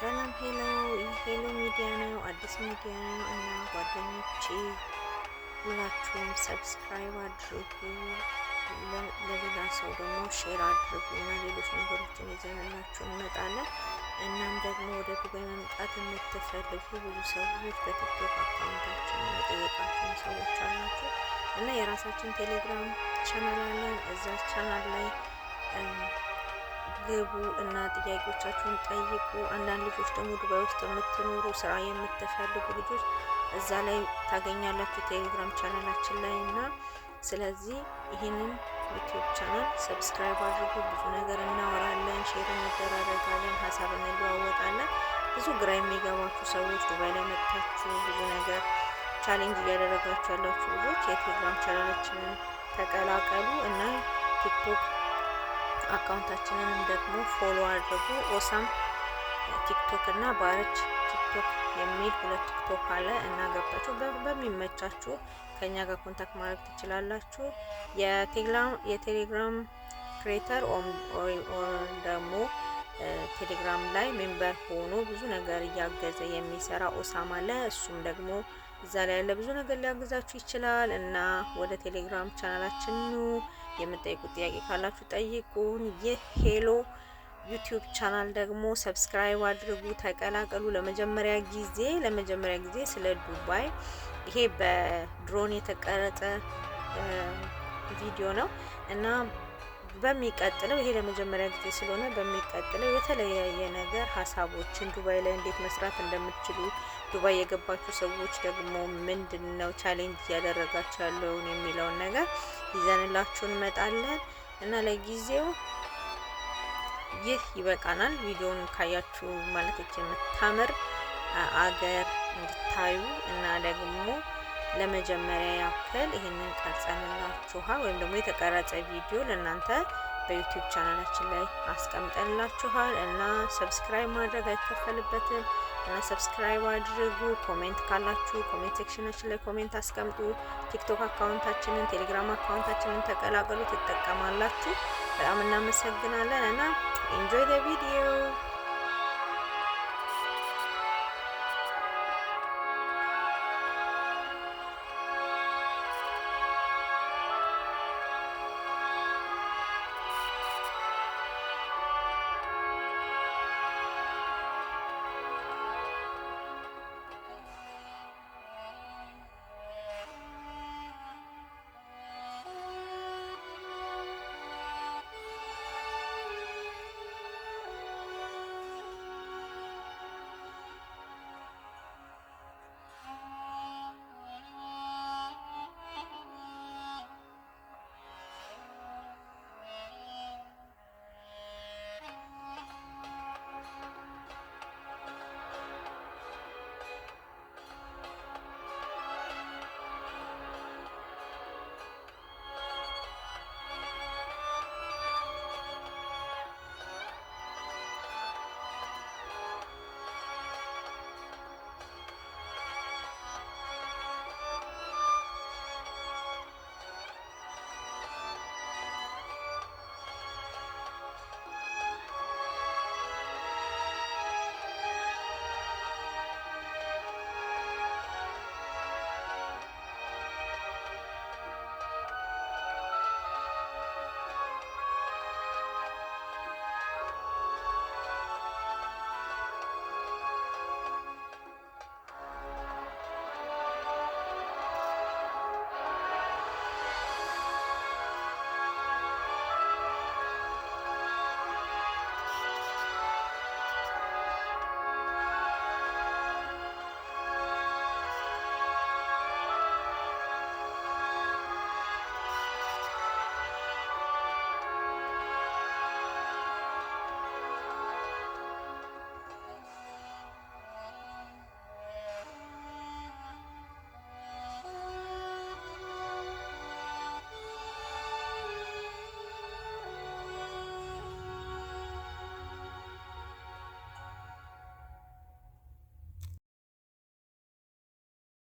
ሰላም ሄሎ፣ ሄሎ ሚዲያ ነው፣ አዲስ ሚዲያ ነው እና ጓደኞቼ ሁላችሁም ሰብስክራይብ አድርጉ፣ ለሌላ ሰው ደግሞ ሼር አድርጉ እና ሌሎች ነገሮችን ይዘንላችሁ እንመጣለን። እናም ደግሞ ወደ ዱባይ መምጣት የምትፈልጉ ብዙ ሰዎች በቲክቶክ አካውንታችን የጠየቃችሁን ሰዎች አላችሁ እና የራሳችን ቴሌግራም ቻናል አለን እዛ ቻናል ላይ ግቡ እና ጥያቄዎቻችሁን ጠይቁ። አንዳንድ ልጆች ደግሞ ዱባይ ውስጥ የምትኖሩ ስራ የምትፈልጉ ልጆች እዛ ላይ ታገኛላችሁ ቴሌግራም ቻናላችን ላይ እና ስለዚህ ይህንን ዩቲዩብ ቻናል ሰብስክራይብ አድርጉ። ብዙ ነገር እናወራለን፣ ሼር እንደራረጋለን፣ ሀሳብ እንለዋወጣለን። ብዙ ግራ የሚገባችሁ ሰዎች ዱባይ ላይ መጥታችሁ ብዙ ነገር ቻሌንጅ እያደረጋችሁ ያላችሁ ልጆች የቴሌግራም ቻናላችንን ተቀላቀሉ እና ቲክቶክ አካውንታችንንም ደግሞ ፎሎ አድርጉ። ኦሳም ቲክቶክ እና ባረች ቲክቶክ የሚል ሁለት ቲክቶክ አለ እና ገብታችሁ በሚመቻችሁ ከኛ ጋር ኮንታክት ማድረግ ትችላላችሁ። የቴሌግራም ክሬተር ደግሞ ቴሌግራም ላይ ሜምበር ሆኖ ብዙ ነገር እያገዘ የሚሰራ ኦሳም አለ። እሱም ደግሞ እዛ ላይ ያለ ብዙ ነገር ሊያግዛችሁ ይችላል እና ወደ ቴሌግራም ቻናላችን ኑ። የምጠይቁት ጥያቄ ካላችሁ ጠይቁን። ይህ ሄሎ ዩቲዩብ ቻናል ደግሞ ሰብስክራይብ አድርጉ፣ ተቀላቀሉ። ለመጀመሪያ ጊዜ ለመጀመሪያ ጊዜ ስለ ዱባይ ይሄ በድሮን የተቀረጸ ቪዲዮ ነው እና በሚቀጥለው ይሄ ለመጀመሪያ ጊዜ ስለሆነ በሚቀጥለው የተለያየ ነገር ሀሳቦችን ዱባይ ላይ እንዴት መስራት እንደምትችሉ ዱባይ የገባችሁ ሰዎች ደግሞ ምንድን ነው ቻሌንጅ እያደረጋችሁ ያለውን የሚለውን ነገር ይዘንላችሁ እንመጣለን እና ለጊዜው ይህ ይበቃናል። ቪዲዮውን ካያችሁ ማለቶች የምታምር አገር እንድታዩ እና ደግሞ ለመጀመሪያ ያክል ይህንን ቀርጸንላችኋል ወይም ደግሞ የተቀረጸ ቪዲዮ ለእናንተ በዩቲዩብ ቻናላችን ላይ አስቀምጠንላችኋል እና ሰብስክራይብ ማድረግ አይከፈልበትም። ሰብስክራይብ አድርጉ። ኮሜንት ካላችሁ ኮሜንት ሴክሽኖች ላይ ኮሜንት አስቀምጡ። ቲክቶክ አካውንታችንን፣ ቴሌግራም አካውንታችንን ተቀላቀሉ፣ ትጠቀማላችሁ። በጣም እናመሰግናለን እና ኢንጆይ ቪዲዮ